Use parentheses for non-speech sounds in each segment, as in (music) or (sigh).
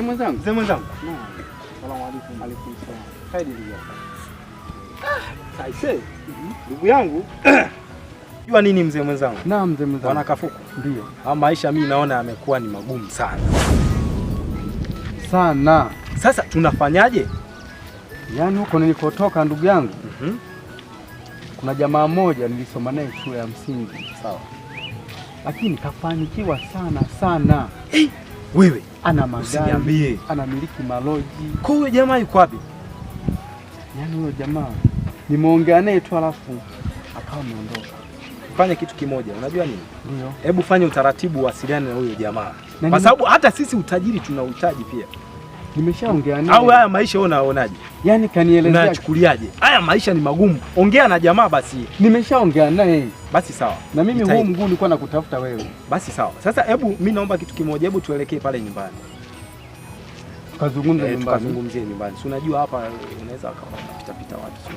Mzee mwenzangu. Mzee mwenzangu. Naam. Salamu alaykum. Alaykum salaam. Hadi ah, ndugu yangu. Ah, aise. Ndugu yangu. Jua nini mzee mwenzangu? Naam mzee mwenzangu. Bwana Kafuku. Ndio. Ha, ah, maisha mimi naona yamekuwa ni magumu sana. Sana. Sasa tunafanyaje? Yaani huko nilikotoka ndugu yangu. Mm Kuna jamaa moja nilisoma naye shule ya msingi, sawa? Lakini kafanikiwa sana sana. Hey, eh, wewe ana magari, anamiliki maloji. Kwa huyo jamaa yuko wapi? Yaani huyo jamaa nimeongea naye tu alafu akawa ameondoka. Fanya kitu kimoja, unajua nini? Ndio. Hebu fanya utaratibu, wasiliane na huyo jamaa, kwa sababu hata sisi utajiri tunauhitaji pia. Nimeshaongea Au haya maisha wewe unaonaje? Yaani kanielezea. Unachukuliaje? Haya maisha ni magumu. Ongea na jamaa basi. Nimeshaongea naye. Basi sawa. Na mimi huu mguu nilikuwa nakutafuta wewe. Basi sawa. Sasa hebu mimi naomba kitu kimoja, hebu tuelekee pale nyumbani tukazungumze eh, nyumbani, nyumbani. si unajua hapa unaweza kupita pita watu,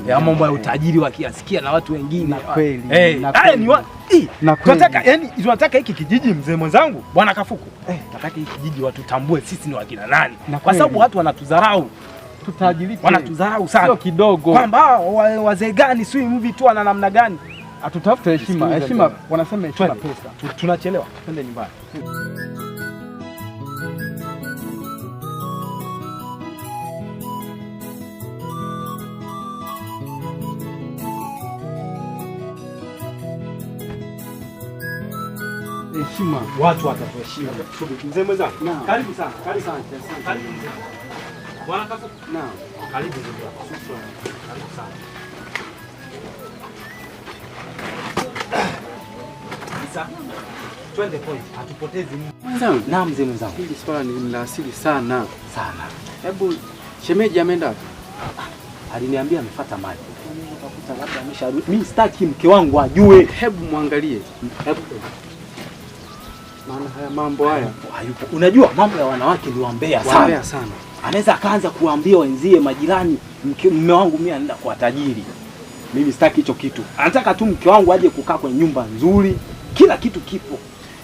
unaelewa eh, mambo ya utajiri wakiasikia na watu wengine eh, kweli. Tunataka yani, tunataka hiki kijiji, mzee mwenzangu, bwana Kafuku, nataka hiki kijiji watu tambue sisi ni wakina nani, kwa sababu watu wanatudharau wanatudharau sana, sio kidogo, kwamba ah, wazee gani si mvi tu ana namna gani. Atutafute heshima, heshima wanasema heshima pesa. Tunachelewa, twende nyumbani. heshima, watu watakuheshimu. Mzee mwenzangu, karibu sana, karibu sana, karibu bwana Naam, karibu karibu sana. twende hatupotezi mwenzangu. Naam, mzee mwenzangu, hili swala ni la asili sana sana. Hebu shemeji ameenda wapi? Aliniambia amefuata maji Mimi sitaki mke wangu ajue. Hebu hebu maana haya mambo haya hayupo. Unajua mambo ya wanawake ni wambea sana, wambea sana. Anaweza akaanza kuambia wenzie majirani, mume wangu mimi anaenda kwa tajiri. Mimi sitaki hicho kitu, anataka tu mke wangu aje kukaa kwenye nyumba nzuri, kila kitu kipo.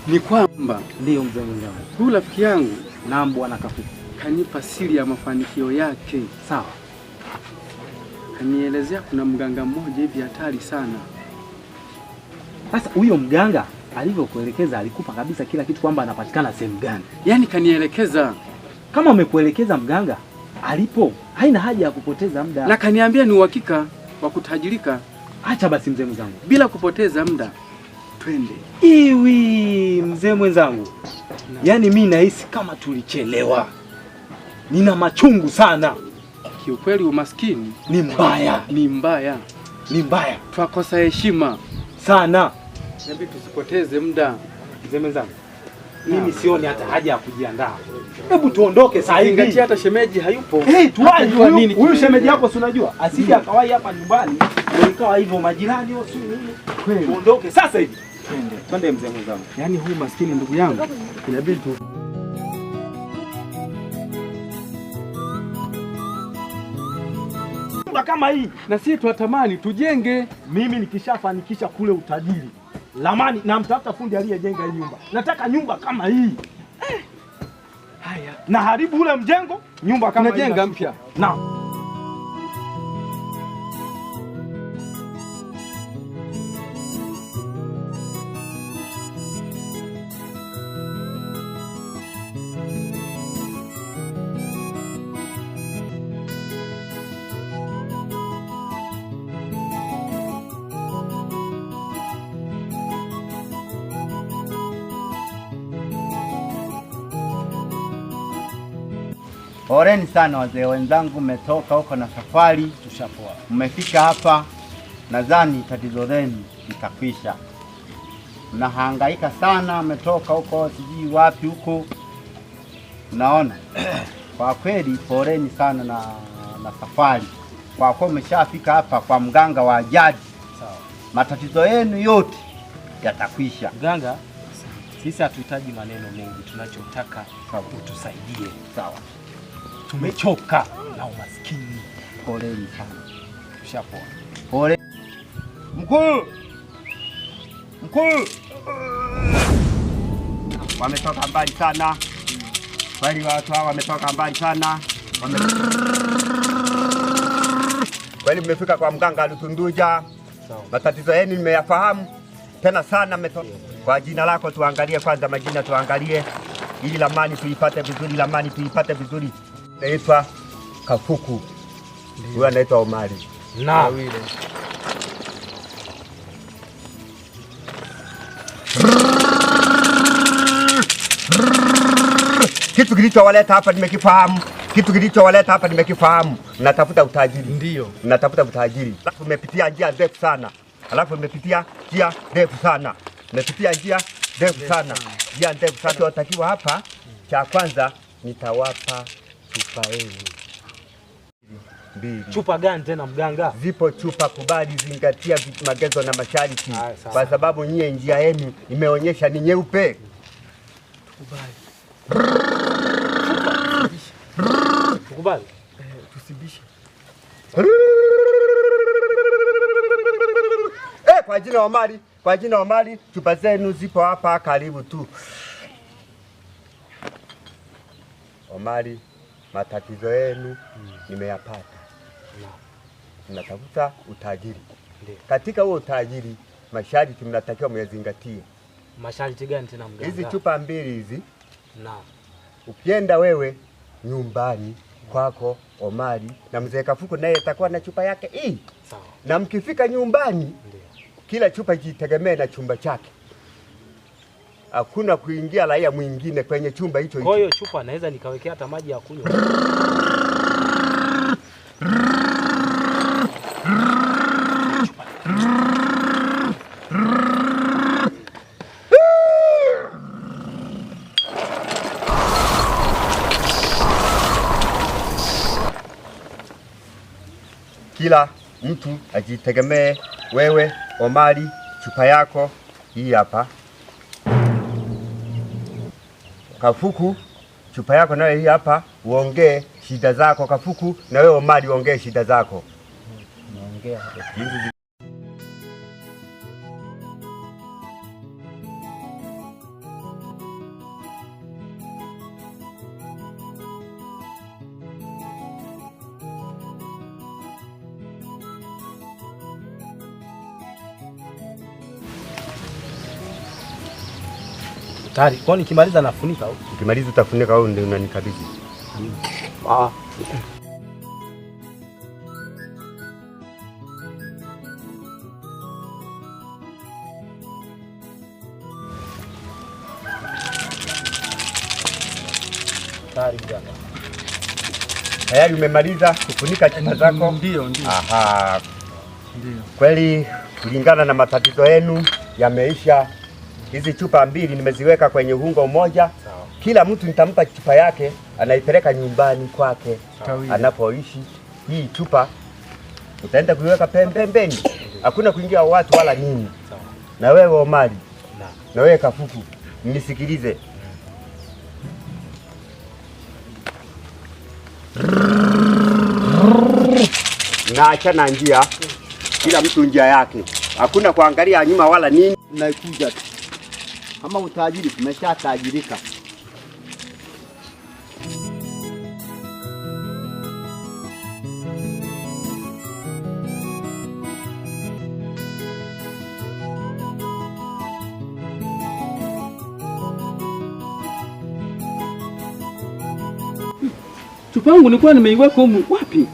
Ni kwamba ndio mzee wangu, huyu rafiki yangu na bwana Kafuku kanipa siri ya mafanikio yake, sawa. Kanielezea kuna mganga mmoja hivi hatari sana. Sasa huyo mganga alivyokuelekeza alikupa kabisa kila kitu kwamba anapatikana sehemu gani. Yaani kanielekeza. Kama amekuelekeza mganga alipo, haina haja ya kupoteza muda. Na kaniambia ni uhakika wa kutajirika. Acha basi mzee mwenzangu, bila kupoteza muda twende. Iwi mzee mwenzangu, yaani mi nahisi kama tulichelewa, nina machungu sana kiukweli. Umaskini ni mbaya, ni mbaya, ni mbaya, twakosa heshima sana. Niambi, tusipoteze muda mzee zangu. Mimi sioni hata haja ya kujiandaa. Hebu tuondoke sasa hivi. Ingatia hata shemeji hayupo. Hey, tuwajua nini? Huyu shemeji hapo si unajua? Asije hmm. akawai hapa nyumbani. Ikawa hivyo majirani au si nini? Tuondoke sasa hivi. Twende. Twende mzee mwanangu. Yaani huyu maskini ndugu yangu inabidi tu kama hii na sisi tunatamani tujenge. Mimi nikishafanikisha kule utajiri Lamani, na mtafuta fundi aliyejenga hii nyumba. Nataka nyumba kama hii eh. Haya, haribu ule mjengo, nyumba kama hii najenga mpya. Naam. Poleni sana wazee wenzangu, mmetoka huko na safari, tushapoa, mmefika hapa, nadhani tatizo lenu litakwisha. Mnahangaika sana, mmetoka huko sijui wapi huko, naona (clears throat) kwa kweli poleni sana na, na safari. Kwa kuwa umeshafika hapa kwa mganga wa jadi, matatizo yenu yote yatakwisha. Mganga, sisi hatuhitaji maneno mengi, tunachotaka utusaidie. Sawa tumechoka na umaskini. Poleni sana, tushapona. Pole mkuu, mkuu, wametoka mbali sana kweli, watu hawa wametoka mbali sana kweli. Mmefika kwa mganga Lutunduja, matatizo yenu nimeyafahamu tena sana metoka. Kwa jina lako tuangalie kwanza, majina tuangalie, ili lamani tuipate vizuri, lamani tuipate vizuri naitwa Kafuku, huyo anaitwa Omari na kitu kilichowaleta hapa nimekifahamu, kitu kilichowaleta hapa nimekifahamu. Mnatafuta utajiri, ndio mnatafuta utajiri. Alafu umepitia njia ndefu sana, alafu umepitia njia ndefu sana, umepitia njia ndefu sana, njia ndefu sana. Watakiwa hapa, cha kwanza nitawapa chupa hizi mbili. Chupa gani tena mganga? Zipo chupa, kubali, zingatia magezo na masharti, kwa sababu nyie njia yenu imeonyesha ni nyeupe. Tukubali. Eh, tusibishe. Eh, kwa jina mali, kwa jina mali, chupa zenu zipo hapa karibu tu. Omari matatizo yenu mm. nimeyapata no. Mnatafuta utajiri Katika huo utajiri masharti mnatakiwa myazingatie. Masharti gani tena mganga? Hizi chupa mbili hizi ukienda wewe nyumbani kwako Omari na mzee Kafuko naye atakuwa na chupa yake hii sawa, na mkifika nyumbani kila chupa jitegemee na chumba chake hakuna kuingia raia mwingine kwenye chumba hicho hicho. Kwa hiyo chupa naweza nikawekea hata maji ya kunywa. Kila mtu ajitegemee. Wewe Omari, chupa yako hii hapa. Kafuku, chupa yako nayo hii hapa, uongee shida zako. Kafuku na wewe Omari, uongee shida zako. hatari. Kwa nikimaliza nafunika au? Ukimaliza utafunika au ndio unanikabidhi? Ah. Tayari umemaliza kufunika chupa zako? Ndio, ndio. Aha. Ndio. Kweli kulingana na matatizo yenu yameisha hizi chupa mbili nimeziweka kwenye ungo mmoja, kila mtu nitampa chupa yake, anaipeleka nyumbani kwake anapoishi. Hii chupa utaenda kuiweka pembeni, hakuna kuingia watu wala nini. Na wewe Omari, na wewe Kafuku, nisikilize. Naacha na njia, kila mtu njia yake, hakuna kuangalia nyuma wala nini, naikuja tu kama utajiri tajirika. Chupa yangu nilikuwa nimeiweka humu wapi?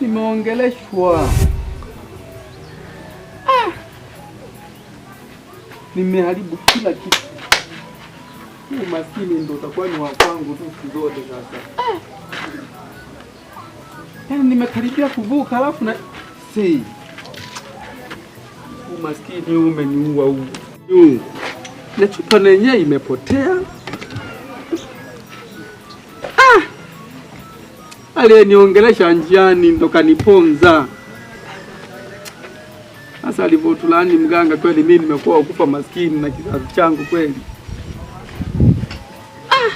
Nimeongeleshwa. nimeharibu kila kitu. Huu maskini ndo utakuwa ni wakwangu tu siku zote sasa. Yaani nimekaribia kuvuka alafu na si umaskini umeniua huu. Mm. Na chupa nenyewe imepotea. Ah! Aliyeniongelesha njiani ndo kaniponza. Sasa alivyotulaani mganga, kweli mimi nimekuwa ukufa maskini na kizazi changu kweli. Ah.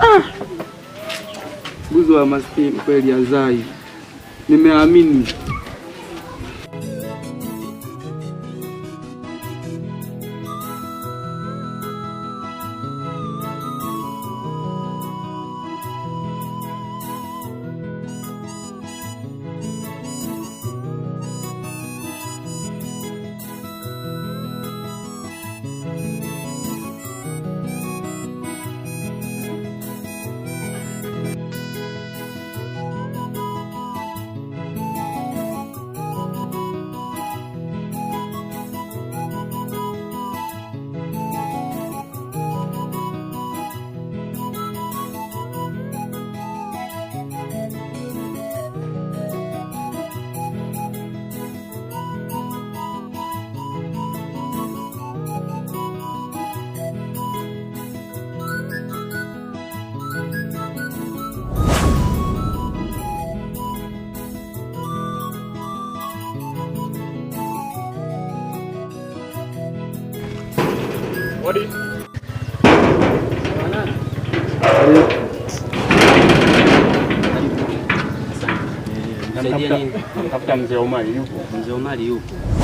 Ah. wa maskini kweli azai, nimeamini Saya dia ni. Kapten Xiaomi ni. Xiaomi ni.